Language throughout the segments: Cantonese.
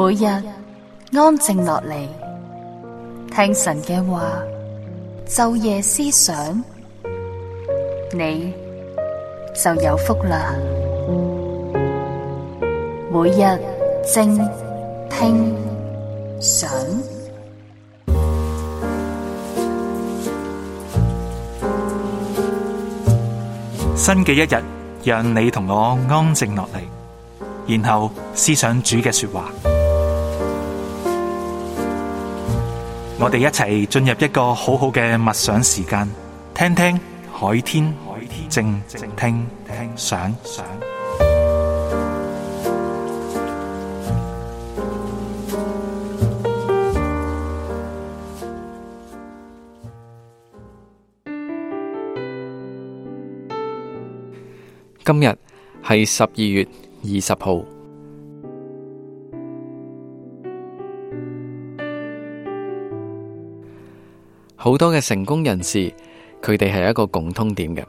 每日安靜落嚟，聽神嘅話，晝夜思想，你就有福啦。每日靜聽想，新嘅一日，讓你同我安靜落嚟，然後思想主嘅說話。我哋一齊進入一個好好嘅默想時間，聽聽海天靜靜聽想。今日係十二月二十號。好多嘅成功人士，佢哋係一個共通點嘅，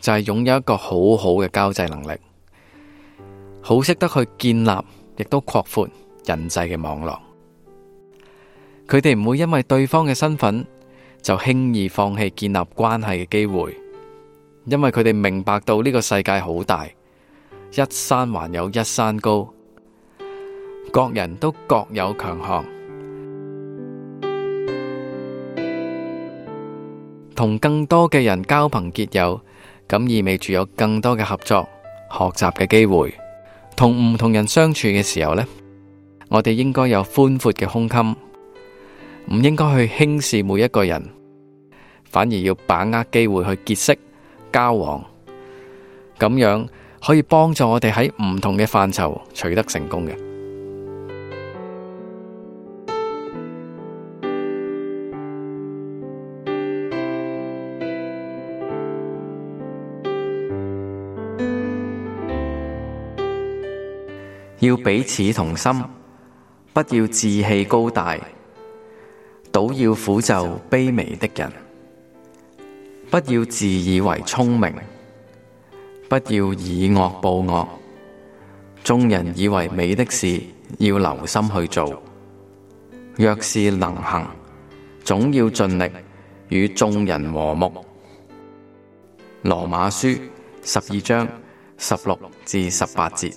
就係、是、擁有一個好好嘅交際能力，好識得去建立，亦都擴闊人際嘅網絡。佢哋唔會因為對方嘅身份就輕易放棄建立關係嘅機會，因為佢哋明白到呢個世界好大，一山還有一山高，各人都各有強項。同更多嘅人交朋結友，咁意味住有更多嘅合作，學習嘅機會。同唔同人相處嘅時候呢，我哋應該有寬闊嘅胸襟，唔應該去輕視每一個人，反而要把握機會去結識、交往，咁樣可以幫助我哋喺唔同嘅範疇取得成功嘅。要彼此同心，不要志氣高大，倒要俯就卑微的人；不要自以為聰明，不要以惡報惡。眾人以為美的事，要留心去做。若是能行，總要盡力與眾人和睦。羅馬書十二章十六至十八節。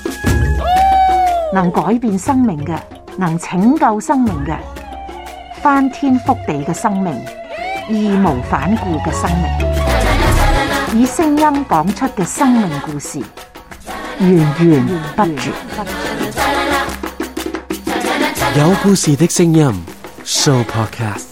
能改變生命嘅，能拯救生命嘅，翻天覆地嘅生命，義無反顧嘅生命，以聲音講出嘅生命故事，源源不絕。有故事的聲音 Sooo Podcast。